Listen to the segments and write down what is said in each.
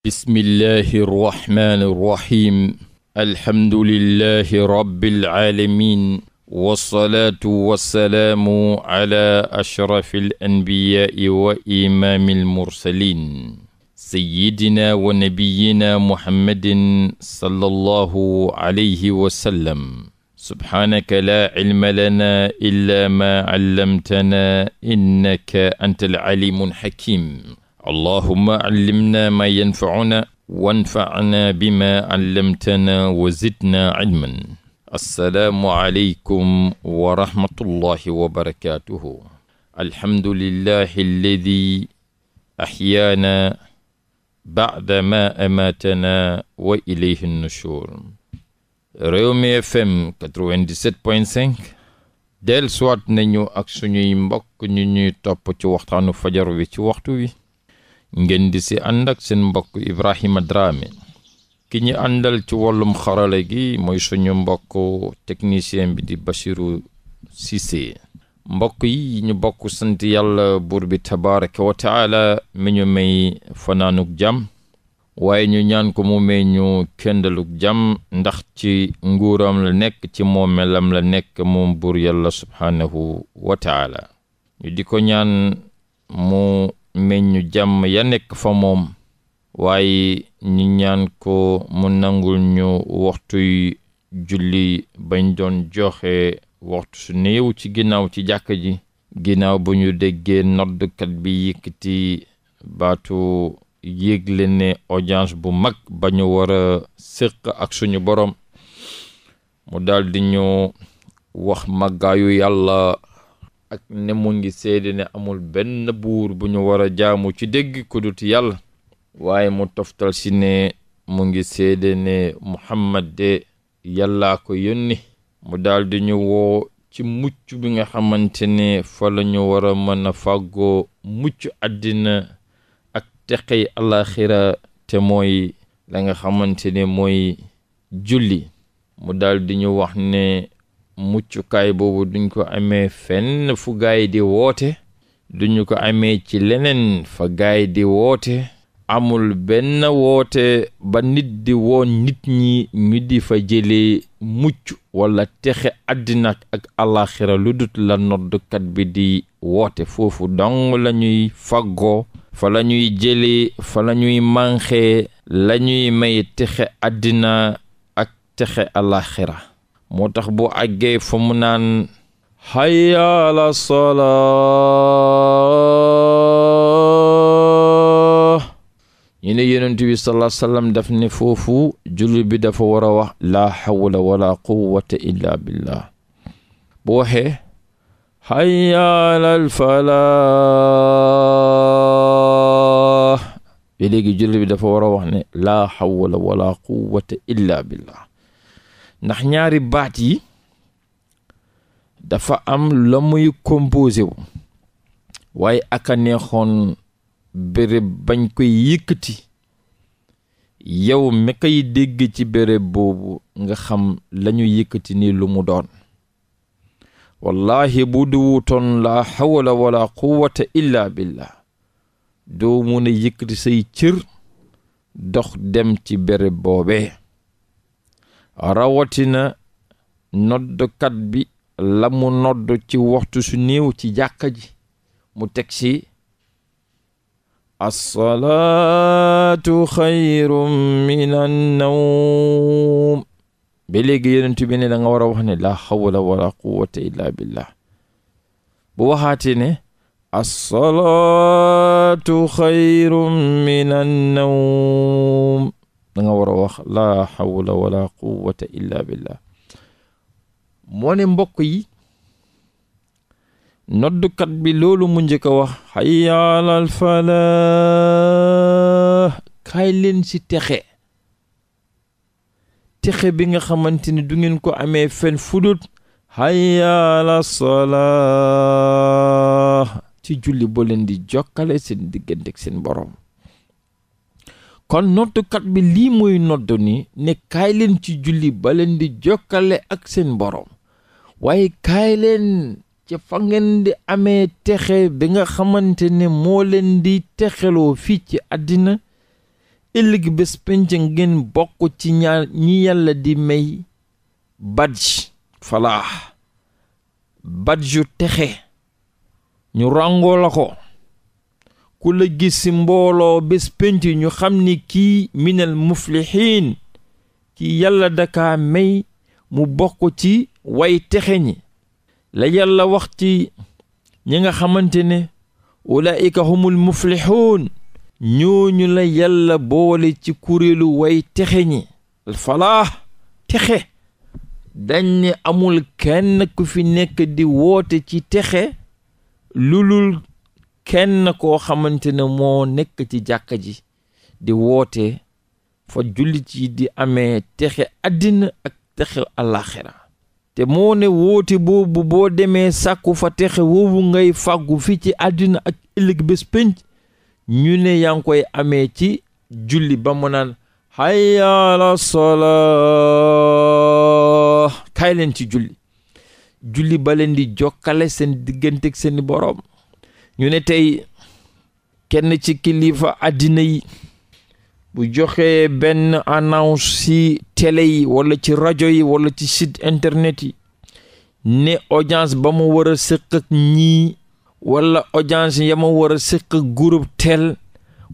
bismillahi rrahmani rrahim alhamdulillahi rabbil aalamiin wassalaatu wassalaamu ala ashrafil anbiyaai wa imaamil mursaliin sayyidina wa nabiyyina muhammadin sallallahu alayhi wa sallam subhaanaka laa cilma lanaa illaa maa callamtanaa innaka antal aliimul hakiim allahuma allimna maa yanfauna wanfana bima allamtana wa zidna ilman assalaamu aleykum wa rahmatullahi wa barakatuhu alhamdulillahi alladi axyaana baada ma amatana wa ilayhi nushur Rewmi FM 97.5 del suwaat nañu ak suñuy mbokk ñu ñuy topp ci waxtaanu fajar wi ci waxtu wi ngeen di si ànd ak seen mbokk Ibrahima Dramé ki ñi àndal ci wollum xarala gi mooy suñu mbokk technicien bi di Bachirou Cissé mbokk yi ñu bokk sant yàlla buur bi tabaraka wa mi ñu may fanaanug jàmm waaye ñu ñaan ko mu may ñu kendalug jàmm ndax ci nguuram la nekk ci moomelam la nekk moom buur yàlla subhaanahu wa taala ñu di ko ñaan mu meññu jàmm ya nekk fa moom waaye ñu ñaan ko mu nangul ñu waxtuy julli bañ doon joxe waxtu su néew ci ginnaaw ci jàkk ji ginnaaw bu ñu déggee noddkat bi yëkkati baatu yégle ne audience bu mag ba ñu war a séq ak suñu borom mu daldi ñu wax màggaayu yàlla ak ne mu ngi seede ne amul benn buur bu ñu war a jaamu ci dégg ku dut yàlla waaye mu toftal si ne mu ngi seede ne Muhammad de yàllaa ko yónni mu daldi ñu woo ci mucc bi nga xamante ne fa la ñu war a mën a fàggoo mucc àddina ak teqey alaxira te mooy la nga xamante ne mooy julli mu daal di ñu wax ne muccukaay boobu duñ ko amee fenn fu gaay di woote duñu ko amee ci leneen fa gaay di woote amul benn woote ba nit di woon nit ñi ñu di fa jëlee mucc wala texe àddina ak alaxira lu dut la noddukat bi di woote foofu donn la ñuy faggoo fa la ñuy fa la ñuy manxee la ñuy may texe àddina ak texe alaxira moo tax bu àggee fa naan hayya la sola ñu ne yonent bi sallallahu alayhi wasallam foofu jullit bi dafa war a wax laa hawla wala quwwata illa billah bu waxee hayya ala falah ba léegi jullit bi dafa war a wax ne laa hawla wala quwwata illa billah ndax ñaari baat yi dafa am la muy composé wu waaye aka neexoon béréb bañ koy yëkkati yow mi koy dégg ci béréb boobu nga xam lañu yëkkati ni lu mu doon wallahi bu duwutoon la hawla wala quwwata illa billah doo mun a say cër dox dem ci béréb boobee rawatina noddkat bi lamu mu ci waxtu su néew ci jàkka ji mu teg ci assalaatu xayrun min annawm ba léegi yonent bi ne da nga war a wax ne laa hawla wala quwwata illa billah bu waxaatee ne assalaatu xayrun min annawm nga war a wax laa hawla wala quwwata illa billah moo ne mbokk yi noddukat bi loolu mu njëkk a wax hayya alal falah kaay si texe texe bi nga xamante ni du ngeen ko amee fen fudut hayya ala salah ci julli boo leen di jokkale seen diggante seen borom kon noddukat bi lii mooy nodd ni ne kaay ci julli ba leen di jokkale ak seen boroom waaye kaay ca fa ngeen di amee texe bi nga xamante ne moo leen di texeloo fii ci àddina ëllëg bés penc ngeen bokk ci ñaar ñi yàlla di may badj falaax badju texe ñu ràngoo la ko ku la gis si mbooloo bés pénc ñu xam ni kii minal muflixiin ki yàlla daka may mu bokk ci way texe ñi la yàlla wax ci ñi nga xamante ne ulaika humul muflixuun ñooñu la yàlla boole ci kuréelu way texe ñi falaa texe dañ ne amul kenn ku fi nekk di woote ci texe lulul kenn koo xamante ne moo nekk ci jàkka ji di woote fa julli yi di amee texe àddina ak texe àllaaxira te moo ne woote boobu boo demee sàkku fa texe woowu ngay faggu fii ci àddina ak ëllëg bés pénc ñu ne yaa ngi koy amee ci julli ba mu naan hayya ala salaa leen ci julli julli ba leen di jokkale seen diggante ak seen boroom ñu ne tey kenn ci kilifa àddina yi bu joxee benn annonce si tele yi walla ci rajo yi wala ci site internet yi ne audience ba mu war a sëq ak ñii wala audience ya ma war a sëq ak groupe tel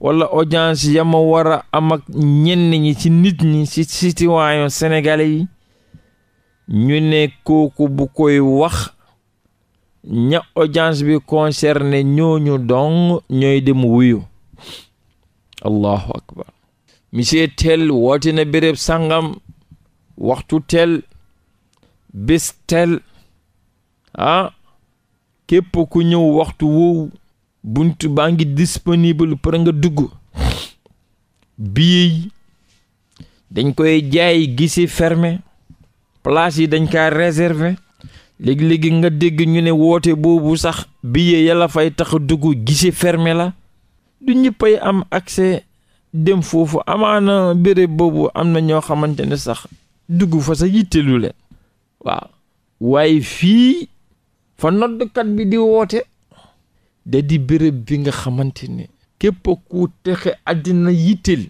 wala audience ya ma war a amak ak ñenn ñi ci nit ñi ci citoyen sénégalais yi ñu ne kooku bu koy wax ña audience bi concerné ñooñu dong ñooy dem wuyu allahu akbar monsieur tel woote na béréb sàngam waxtu tel bés tel ah képp ku ñëw waxtu woowu bunt baa ngi disponible pour nga dugg bii dañ koy jaay gisi fermé place yi dañ kaa réserver léegi-léegi nga dégg ñu ne woote boobu sax billet yàlla fay tax dugg gise ferme la du ñëppay am accès dem foofu amaana béréb boobu am na ñoo xamante ne sax dugg fa sax yittelu leen waaw waaye fii fa noddkat bi di woote da di béréb bi nga xamante ne képp ku texe àddina yitteel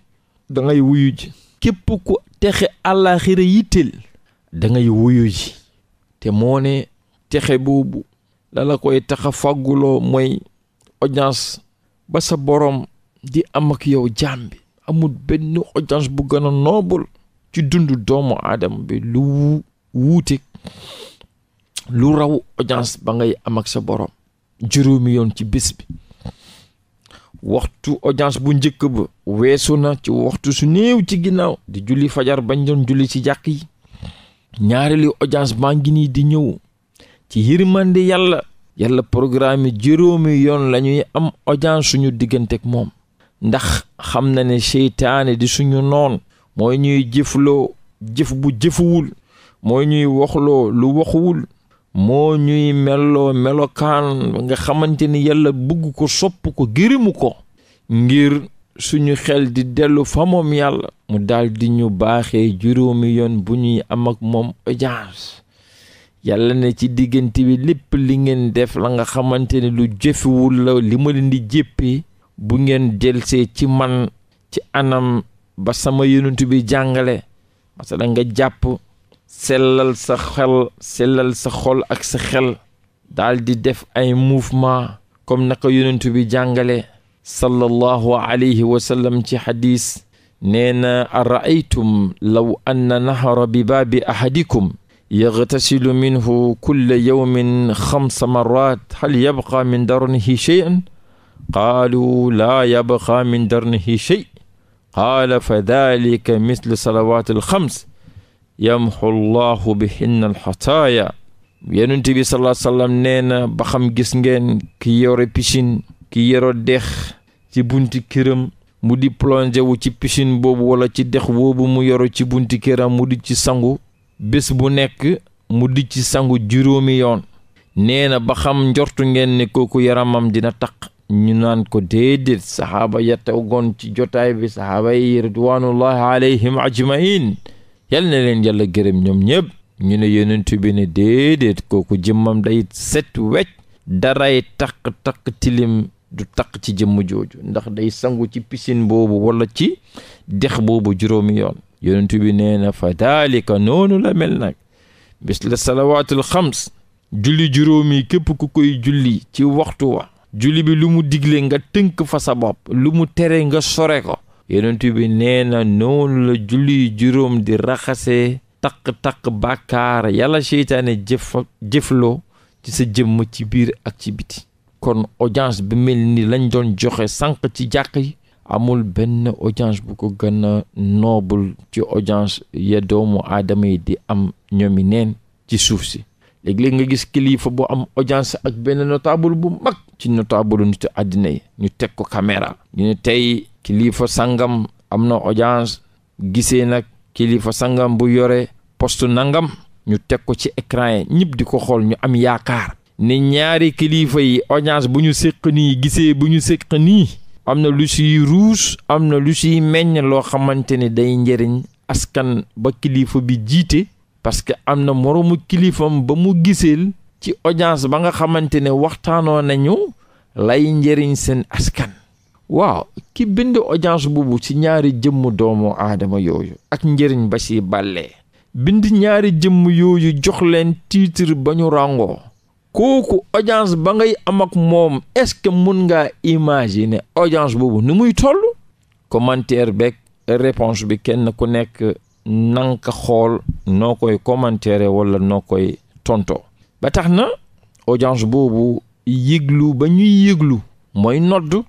da ngay wuyu képp ku texe àllaaxira yitteel da ngay ji te moo ne texe boobu lala la koy taxa fàgguloo mooy audience ba sa boroom di am ak yow jaam bi amul benn audience bu gëna a noobul ci dundu doomu aadama bi lu wuute lu raw audience ba ngay am ak sa boroom juróomi yoon ci bés bi waxtu audience bu njëkk ba weesu na ci waxtu su néew ci ginnaaw di julli fajar bañ doon julli ci jàkk yi ñaareelu audience maa ngi nii di ñëw ci yërmande yàlla yàlla programme juróomi yoon la ñuy am audience suñu digganteeg moom ndax xam na ne seytaane di suñu noon mooy ñuy jëfloo jëf bu jëfuwul mooy ñuy waxloo lu waxuwul moo ñuy meloo melokaan nga xamante ni yàlla bëgg ko sopp ko gërëmu ko ngir suñu xel di dellu fa moom yàlla mu daldi di ñu baaxee juróomi yoon bu ñuy am ak moom audience yàlla ne ci diggante bi lépp li ngeen def la nga xamante ne lu jëfewul la li ma leen di jéppee bu ngeen delsee ci man ci anam ba sama yonent bi jàngale masala nga jàpp sellal sa xel sellal sa xol ak sa xel daal def ay mouvement comme naka yonent bi jàngale sallallahu alayhi wa sallam ci xadis nee na a raaytum law anna nahara bi baabi ahadikum yagtasilu minhu kulla yawmin xamsa marat hal yabqa min darnihi cheyan qaalu laa yabqa min darnihi chey qaala fa dalika mislu salawaat alxams yamxu llahu bihinna alxataaya yonent bi sallallahu alayhi wa sallam nee na ba xam gis ngeen ki yore piscine ki yoro dex ci bunti mu di plongé wu ci piscine boobu wala ci dex boobu mu yoro ci bunti këram mu di ci sangu bés bu nekk mu di ci sangu juróomi yoon nee na ba xam njortu ngeen ne kooku yaramam dina taq ñu naan ko déedéet saxaaba ya gon ci jotaay bi saxaaba yi ridwanullahi alayhim ajmain yal na leen yàlla gërëm ñoom ñëpp ñu ne yonent bi ne déedéet kooku jëmmam day set wecc daray taq-taq tilim du taq ci jëmm jooju ndax day sangu ci piscine boobu wala ci dex boobu juróomi yoon yonent bi nee na fa daalika noonu la mel nag bis la salawaatul xams julli juróomi képp ku koy julli ci waxtu wa julli bi lu mu digle nga tënk fa sa bopp lu mu tere nga sore ko yonent bi nee na noonu la julli juróom di raxase taq-taq bàkkaar yàlla seytaane jëf jëfloo ci sa jëmm ci biir ak ci biti kon audience bi mel ni lañ doon joxe sànq ci jàq yi amul benn audience bu ko gën a ci audience ya doomu aadama yi di am ñoomi neen ci suuf si léeg-léeg nga gis kilifa bu am audience ak benn notable bu mag ci notable nitu àddina yi ñu teg ko caméra ñu ne tey kilifa sangam am na audience gisee nag kilifa sangam bu yore poste nangam ñu teg ko ci écran yi ñëpp di ko xool ñu am yaakaar ne ñaari kilifa yi audience bu ñu séq nii gisee bu ñu séq nii am na lu siy ruus am na lu siy meññ loo xamante ni day njëriñ askan ba kilifa bi jiite parce que am na moroomu kilifam ba mu giseel ci audience ba nga xamante ne waxtaanoo nañu lay njëriñ seen askan waaw ki bind audience boobu ci ñaari jëmm doomu aadama yooyu ak njëriñ ba si bàllee bind ñaari jëmm yooyu jox leen titre ba ñu ràngoo kooku audience ba ngay amak moom est-ce que mun ngaa imaginer audience boobu ni muy toll commentaire beeg réponse bi kenn ku nekk nang nanka xool noo koy commentaire wala noo koy tontoo ba tax na audience boobu yëglu ba ñuy yëglu mooy nodd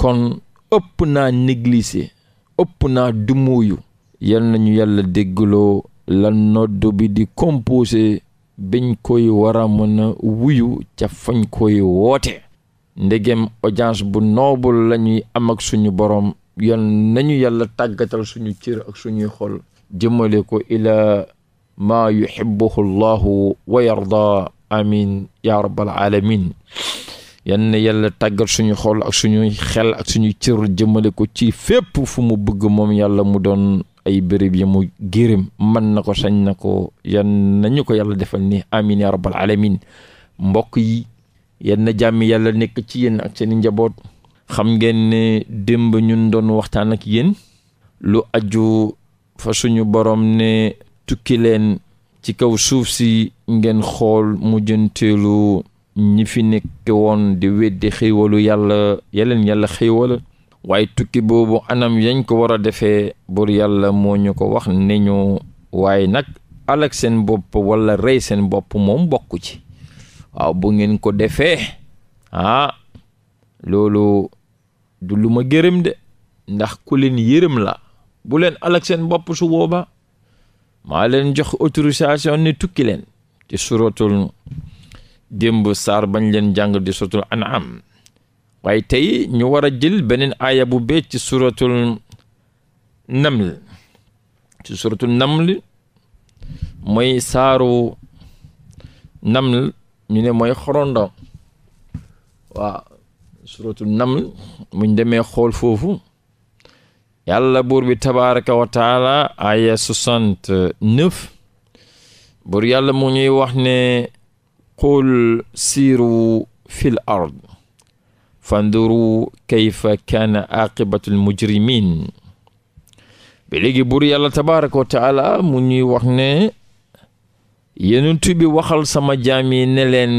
kon ëpp naa négliger ëpp naa dumóoyu yal nañu yàlla déggloo la nodd bi di composé biñ koy war a mën a wuyu ca fañ koy woote ndegem audience bu noobul lañuy am ak suñu borom yal nañu yàlla tàggatal suñu cër ak suñuy xol jëmmale ko ila maa yuhibbuhu llahu wa yarda amin ya rabbal alamin yan na yàlla tàggat suñu xol ak suñuy xel ak suñuy cër jëmmale ko ci fépp fu mu bëgg moom yàlla mu doon ay béréb ya mu gërëm man na ko sañ na ko yan nañu ko yàlla defal ni amin ya rabbal alamin mbokk yi yan na jàmm yàlla nekk ci yéen ak seeni njaboot xam ngeen ne démb ñun doon waxtaan ak yéen lu aju fa suñu borom ne tukki leen ci kaw suuf si ngeen xool mujjanteelu ñi fi nekk woon di weddi xéewalu yàlla yeleen yàlla xéewala waaye tukki boobu anam yañ ko war a defee bur yàlla moo ñu ko wax ne ñu waaye nag alak seen bopp walla rey seen bopp moom bokku ci waaw bu ngeen ko defee ah loolu du lu ma gërëm ndax ku leen yërëm la bu leen alak bopp su booba maa leen jox autorisation ni tukki leen ci suratul démb saar bañ leen jàng di suratul an'am waaye tey ñu war a jël beneen aaya bu bee ci suratul naml ci suratul naml mooy saaru naml ñu ne mooy xorondom waaw suratul naml muñ demee xool foofu yàlla buur bi tabaraka wa taala aya soixante-neuf buur yàlla mu ñuy wax ne qul siiru fil ard fanduru kayfa kaana aqibatul mujrimin ba léegi buur yàlla tabaraka wa taala mu ñuy wax ne yenentu bi waxal sama jaam yi ne leen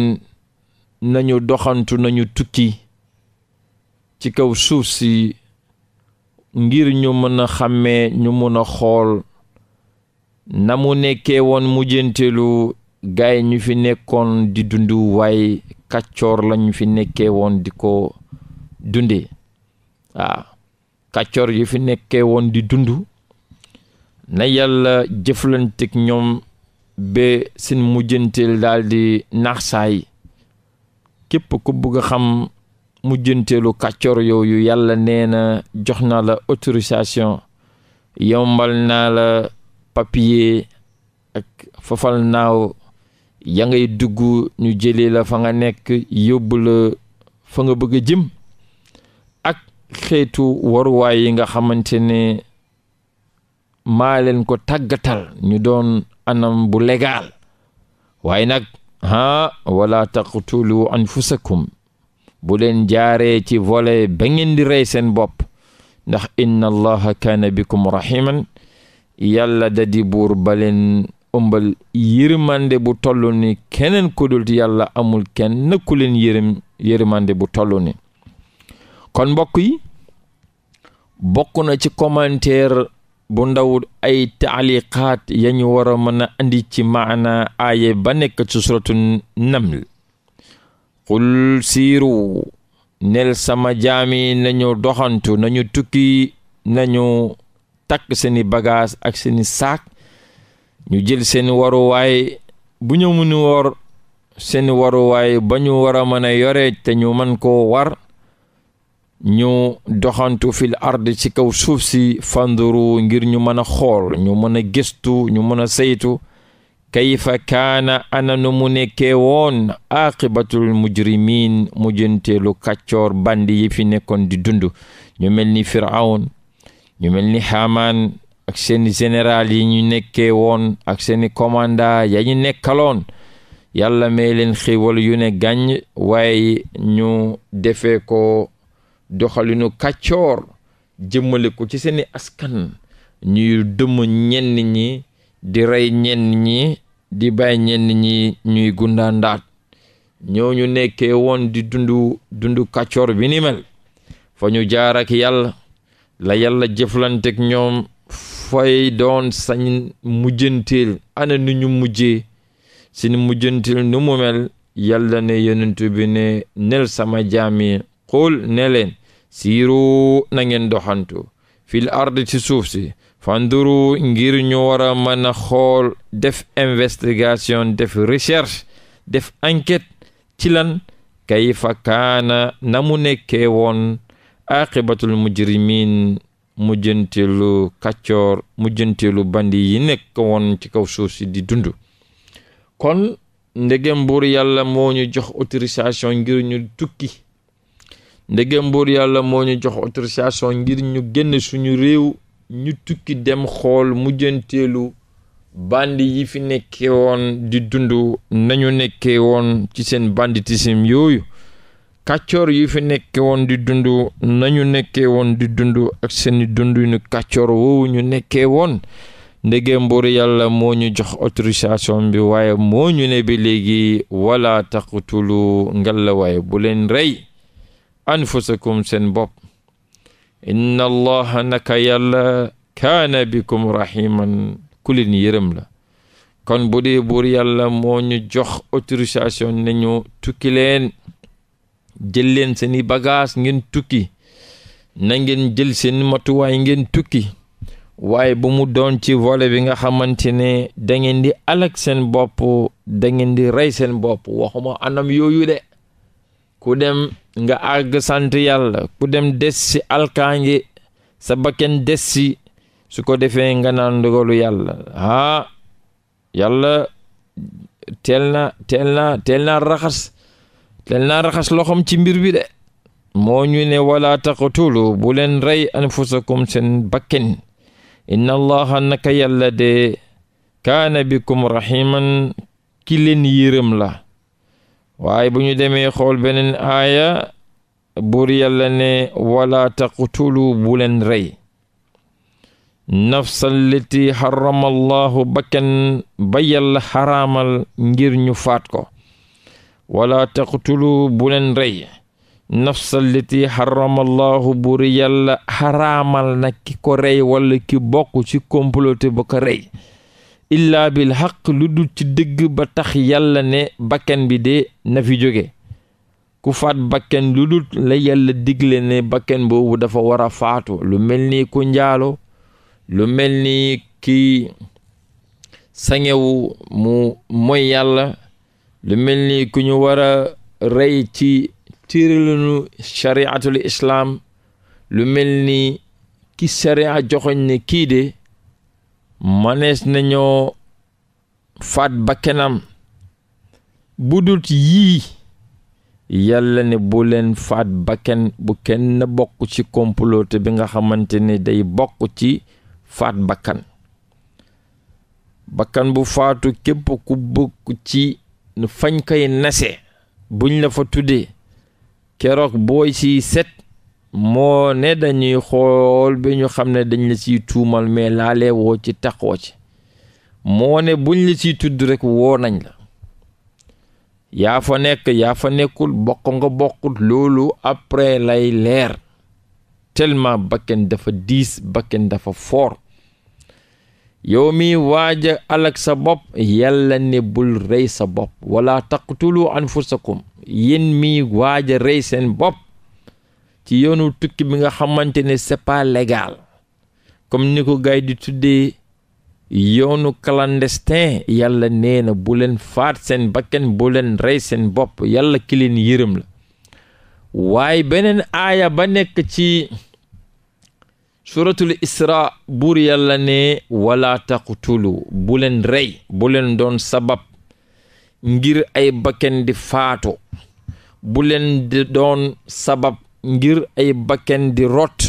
nañu doxantu nañu tukki ci kaw suuf si ngir ñu mën a xàmmee ñu mën a xool na mu nekkee woon mujjanteelu gaay ñu fi nekkoon di dund waaye kàccoor lañu fi nekkee woon di ko dundee waaw kàccoor yi fi nekkee woon di dund na yàlla jëflanteeg ñoom ba seen mujjanteel daal di naax saay képp ku bëgg a xam mujjanteelu kàccoor yooyu yàlla nee na jox naa la autorisation yombal naa la papier ak fafal naaw yangay dugg ñu jëlee la fa nga nekk yóbbu la fa nga bëgg a jëm ak xeetu waruwaay yi nga xamante ne maa leen ko tàggatal ñu doon anam bu légal waaye nag ah wala taqtulu anfusakum bu leen jaaree ci volet ba ngeen di rey seen bopp ndax inna allaha kaana bikum rahiman yàlla da buur ba ëmbal yërmande bu toll ni keneen ku dul yàlla amul kenn ku leen yërëm yërmande bu toll ni kon mbokk yi na ci commentaire bu ndaw ay taaliqaat ya ñu war a mën a andi ci maana aaye ba nekk ci suratu naml qul siiru nel sama jaami nañu doxantu nañu tukki nañu takk seeni bagaas ak seeni saak ñu jël seen waruwaay bu ñu munu wor seen waruwaay ba ñu war a mën a yore te ñu mën koo war ñu doxantu fil ard ci kaw suuf si fanduru ngir ñu mën a xool ñu mën a gëstu ñu mën a saytu kayfa kaana ana nu mu nekkee woon aqibatul mujrimin mujjanteelu kàccoor bandi yi fi nekkoon di dund ñu mel ni firawn ñu mel ni xaamaan ak seeni général yi ñu nekkee woon ak seeni commanda ya ñu nekkaloon yàlla may leen xiiwal yu ne gàññ waaye ñu defee ko doxalinu kàccoor jëmmale ko ci seeni askan ñuy dëmm ñenn ñi di rey ñenn ñi di bàyyi ñenn ñi ñuy gundaandaat ñooñu nekkee woon di dundu kàccoor bi ni mel fa ñu jaar ak la yàlla jëflanteek ñoom dafay doon sañ mujjanteel ana nu ñu mujjee sunu mujjanteel nu mu yàlla ne yonent bi nel sama jaami xool ne leen siiru na ngeen doxantu fil ard ci suuf si fanduru ngir ñu war a mën a xool def investigation def recherche def enquête ci lan kayfa kaana na mu nekkee woon aqibatul mujrimin mujjanteelu kàccoor mujjanteelu bandi yi nekk woon ci kaw suuf si di dund kon ndegem yàlla moo ñu jox autorisation ngir ñu yàlla moo ñu jox autorisation ngir ñu génn suñu réew ñu tukki dem xool mujjanteelu bandi yi fi nekkee woon di dund nañu nekkee woon ci seen banditisme yooyu kàccoor yu fi nekke woon di dundu nañu nekkee woon di dund ak seeni dund ñu kàccoor woowu ñu nekkee woon ndege mburu yàlla moo ñu jox autorisation bi waaye moo ñu ne bi léegi wala taqtulu ngalla waaye bu leen rey anfusakum seen bopp inna naka yàlla kaana bikum rahiman ku leen yërëm la kon bu dee buur yàlla jox autorisation nañu tukki leen jël leen seeni bagaas ngeen tukki na ngeen jël seeni matuwaay ngeen tukki waaye bu mu doon ci volet bi nga xamante ne da ngeen di alak seen bopp dangeen di rey seen bopp waxuma anam yooyu de ku dem nga àgg sant yàlla ku dem des si alkaange sa bakken des si su ko defee nga naan ndogalu yàlla ah yàlla teel raxas tel naa raxas loxom ci mbir bi de moo ñu ne wala taqtulu bu leen rey anfusakum seen bakken inna naka yàlla de kaana bikum rahiman ki leen yërëm la waaye bu ñu demee xool beneen aaya buur yàlla ne wala taqtulu bu leen rey nafsallati harama allahu bakken ba yàlla xaraamal ngir ñu faat ko wala taqtulu bu leen rey nafsa allati xarama allahu buri yàlla xaraamal na ki ko rey walla ki bokk ci comploté ba ko rey illaa bil xaq lu dul ci dëgg ba tax yàlla ne bakkan bi de na jóge ku faat bakken lu dul la yàlla digle ne bakken boobu dafa war a faatu lu mel ni ku njaaloo lu mel ni ki sangewu mu mooy yàlla lu mel ni ku ñu war a rey ci tiiralinu chariatul islaam lu mel ni ki sharia joxoñ ne kii de mënees nañoo faat bakkenam budut yii yàlla ne bu leen faat bakken bu kenn bokk ci complote bi nga xamante ne day bokk ci faat bakkan bakkan bu faatu képp ku bokk ci nu fañ koy nase buñ la fa tuddee keroog booy si set moo ne dañuy xool bi ñu xam ne dañ la siy tuumal mais laalee woo ci taxoo ci moo ne buñ la siy tudd rek woo nañ la yaa fa nekk yaa fa nekkul bokk nga bokkut loolu après lay leer tellement bakken dafa diis bakken dafa foor yow mi waaja alak sa bopp yalla ne bul rey sa bopp wala taqtulu anfusakum yéen mi waaja rey seen bopp ci yoonu tukki mi nga xamante ne c'est pas légal comme ni ko gaay di tuddee yoonu clandestin yàlla nee na faat seen bakken bu leen rey seen bopp yalla ki leen yërëm la waaye beneen aaya ba nekk ci suratul isra buur yàlla ne wala taqtulu bu leen rey bu leen doon sabab ngir ay bakken di faatu bu di doon sabab ngir ay bakken di rot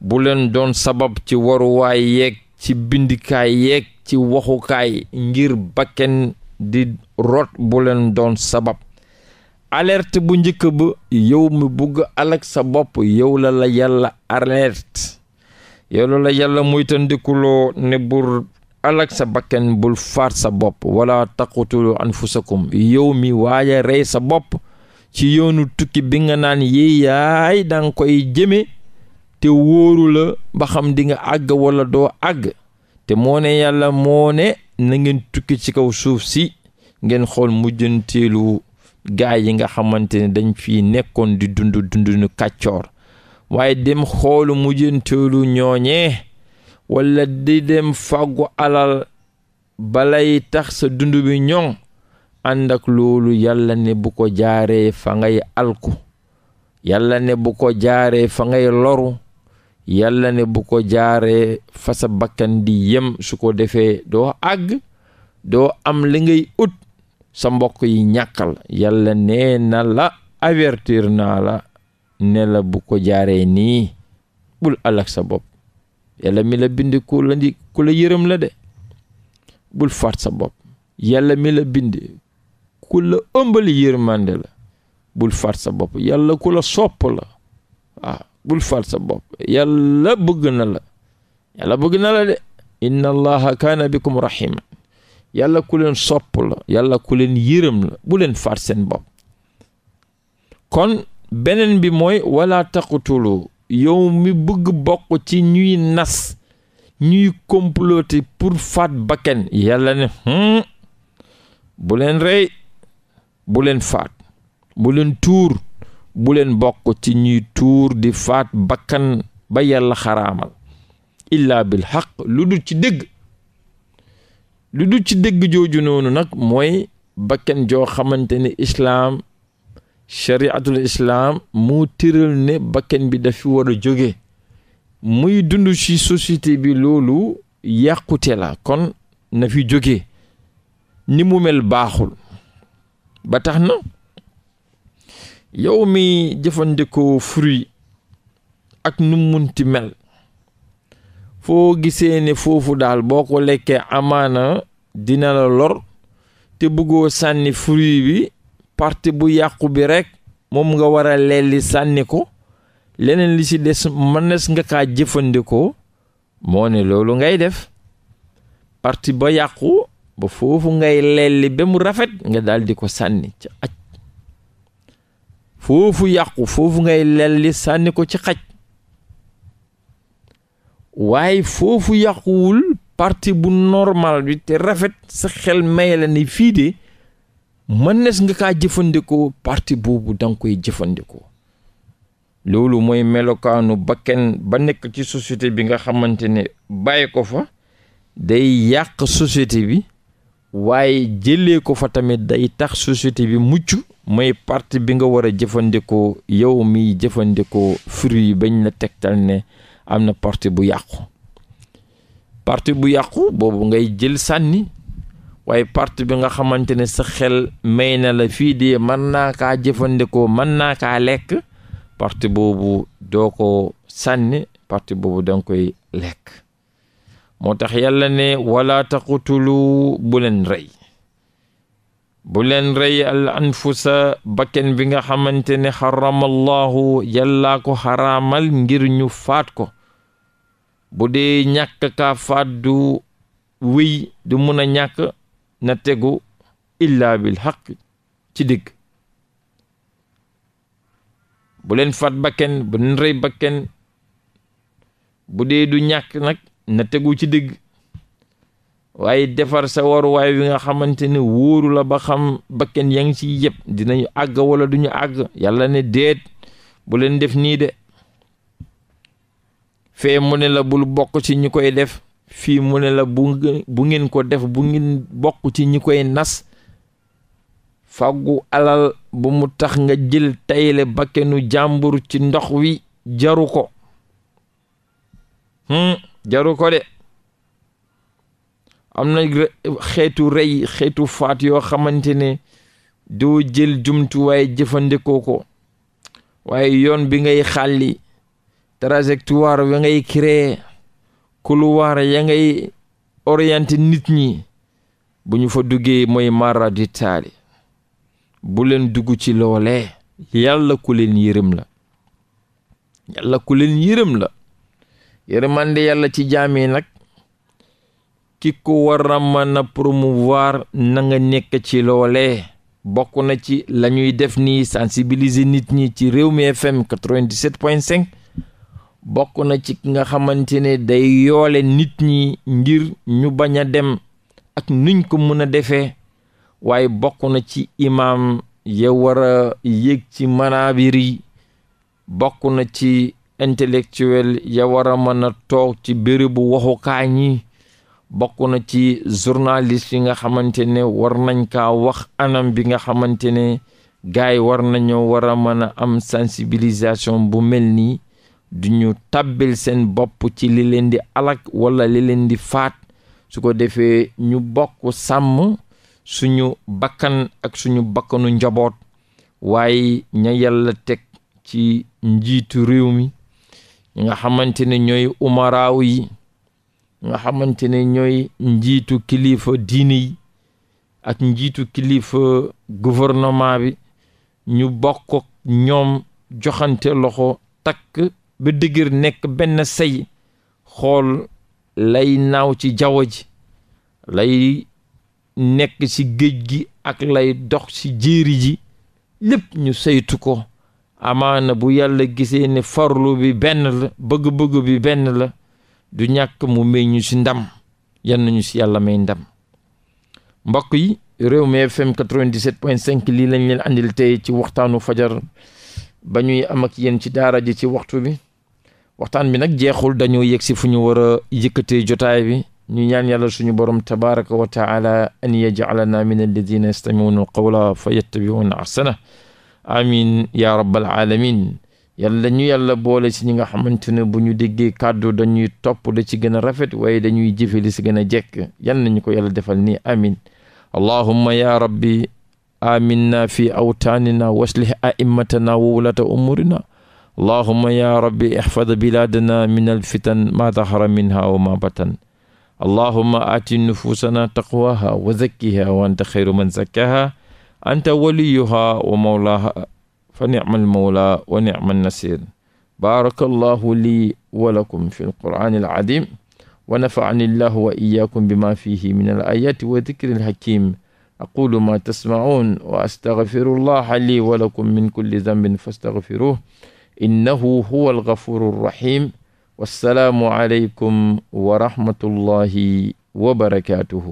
bu doon sabab ci waruwaay yeeg ci bindikaay yeeg ci waxukaay ngir bakken di rot bu leen doon sabab alerte bu njëkk ba yow mi bugg alag sa bopp yow la la yàlla alerte yow la yàlla muy ne bur alak sa bakkan bul faat sa bopp wala taqutulu anfusakum yow mi waaye rey sa bopp ci yoonu tukki bi nga naan yi yaay da koy jëme te wóorula la ba xam di àgg wala doo àgg te moo ne yàlla moo ne na ngeen tukki ci kaw suuf si ngeen xool mujjanteelu gaay yi nga xamante ne dañ fi nekkoon di dund dund nu kàccoor waaye dem xoolu mujjanteelu ñooñee walla di dem fàggu alal balay tax sa dund bi ñoŋ ànd loolu yàlla ne bu ko jaaree fa ngay alku yàlla ne bu ko jaaree fa ngay loru yàlla ne bu ko jaaree fa sa bakkan di yem su ko defee doo àgg doo am li ngay ut sa mbokk yi ñàkkal yàlla ne na la avertir na la ne la bu ko jaaree ni bul alak sa bopp yàlla mi la bind ku yërëm la de bul faat sa bopp yàlla mi la bind ku la la bul faat sa bopp yàlla ku la sopp la waaw ah, bul farsa sa bopp yàlla bëgg na la yàlla bëgg na la de inna allaha kaana bikum rahima yàlla ku leen sopp la yàlla ku yërëm la bu leen seen bopp beneen bi mooy wala taqutulu yow mi bëgg bokk ci ñuy nas ñuy comploter pour faat bakken yàlla ne hmm, bu leen rey bu leen faat bu leen tuur bu leen bokk ci ñuy tuur di faat bakkan ba yàlla xaraamal illaa bil xaq lu dul ci dëgg lu dul ci dëgg jooju noonu nag mooy bakken joo xamante ne islaam chariatul islaam mu tëral ne bakken bi dafi war a jóge muy dundu ci société bi loolu yàqute la kon na fi jóge ni mu mel baaxul ba tax na yow mi jëfandikoo fruit ak nu mel foo gisee ne foofu daal boo ko lekkee amaana dina la lor te bëggoo sànni fruit bi parti bu yàqu bi rekk moom nga war a lelli sànni ko leneen li ci des mënees nga kaa jëfandikoo moo ne loolu ngay def parti ba yàqu ba foofu ngay lelli ba mu rafet nga daldi ko sànni ci aj foofu yàqu foofu ngay lelli sànni ko ci xaj waaye foofu yàquwul parti bu normal bi te rafet sa xel may la ni fii de mënees nga kaa jëfandikoo parti boobu da koy jëfandikoo loolu mooy melokaanu bakken ba nekk ci société bi nga xamante ne bàyyi ko fa day yàq société bi waaye jëlee ko fa tamit day tax société bi mucc mooy parti bi nga war a jëfandikoo yow mi jëfandikoo fruit yi bañ la tegtal ne am na parti bu yàqu parti bu yàqu boobu ngay jël sànni waaye partie bi nga xamante ne sa xel may na la fii de mën naa kaa jëfandikoo mën naa kaa lekk parti boobu doo ko sànni parti boobu danga koy lekk moo tax yàlla ne wala taqutulu bu rey bu leen rey al anfusa bakken bi nga xamante ne xaramallahu yàllaa ko xaraamal ngir ñu faat ko bu dee ñàkk kaa faat du wéy du mun a ñàkk na tegu illaa bil xaq ci digg bu leen faat bakken bu leen rey bakken bu dee du ñàkk nag na ci digg waaye defar sa waruwaay wi nga xamante ne wóoru la ba xam bakken yaa ngi ci yëpp dinañu àgg wala duñu àgg yàlla ne déet bu leen def nii de fee mu ne la bul bokk ci ñu koy def fii mu ne la bu bu ngeen ko def bu ngeen bokk ci ñi koy nas fàggu alal bu mu tax nga jël tayle bakkenu jàmbur ci ndox wi jaru ko hmm, jaru ko de am na xeetu rey xeetu faat yoo xamante ne doo jël jumtuwaay jëfandikoo ko waaye yoon bi ngay xàlli trajectoire wi ngay créer couloir ya ngay orienté nit ñi bu ñu fa duggee mooy mara di bu leen dugg ci loole yàlla ku leen yërëm la yàlla ku leen yërëm la yërëmande yàlla ci jaami nag ki ko war a mën a promouvoir na nga nekk ci loole bokk na ci la ñuy def ni sensibiliser nit ñi ci réew mi FM 97.5 bokk na ci ki nga xamante ne day yoole nit ñi ngir ñu bañ a dem ak nuñ ko mën a defee waaye bokk na ci imam ya war a yéeg ci manaabir yi bokk na ci intellectuel ya war a mën a toog ci bérébu waxukaay ñi bokk na ci journaliste yi nga xamante ne war nañ kaa wax anam bi nga xamante ne gars yi war nañoo war a mën a am sensibilisation bu mel nii du ñu tàbbil seen bopp ci li leen di alak wala li leen di faat su ko defee ñu bokk sàmm suñu bakkan ak suñu bakkanu njaboot waaye ña yàlla teg ci njiitu réew mi nga xamante ne ñooy umaraaw yi nga xamante ne ñooy njiitu kilifa diini yi ak njiitu kilifa gouvernement bi ñu bokk ñoom joxante loxo takk ba dëgër nekk benn say xool lay naaw ci jaww ji lay nekk ci géej gi ak lay dox ci jéeri ji lépp ñu saytu ko amaana bu yàlla gisee ni farlu bi benn la bëgg-bëgg bi benn la du ñàkk mu may ci ndam yan nañu ci yàlla may ndam mbokk yi réew mee fm 97.5 lii lañ leen andil tey ci waxtaanu fajar ba ñuy am ak ci daara ji ci waxtu bi waxtaan bi nag jeexul dañoo yegg si fu ñu war a yëkkatee jotaay bi ñu ñaan yàlla suñu borom tabaraka wa taala an yajalana min alladina yastamiuna alqawla fa yattabiuna ahsana amin ya rabbal yàlla boole si ñi nga xamante ne bu ñu déggee kàddu dañuy topp da ci gën a rafet waaye dañuy jëfe li si gën a jekk yal nañu ko yàlla defal nii amin allahumma ya rabbi aminna fi awtaanina waslih aimmatana wulata umurina allahuma ya rabbi ixfad bilaadana min alfitan maa daxara minha wa ma batan allahuma aati nufuusana taqwaha wa zakkiha wa anta xayru man zakkaha anta waliyuha wa mawlaha fa nicma almawla wa nicma alnasir baaraka allahu lii wa lakum fi alqur'ani alcadim wa nafacani allahu wa iyaakum bima fihi min alayaati wa dikri alxakim aqulu ma tasmacuun wa astaghfiru allaha lii wa lakum min kulli dambin fastaghfiruh innahu huwa alghafuru rrahim wassalaamu aleykum wa rahmatullahi wa barakaatuhu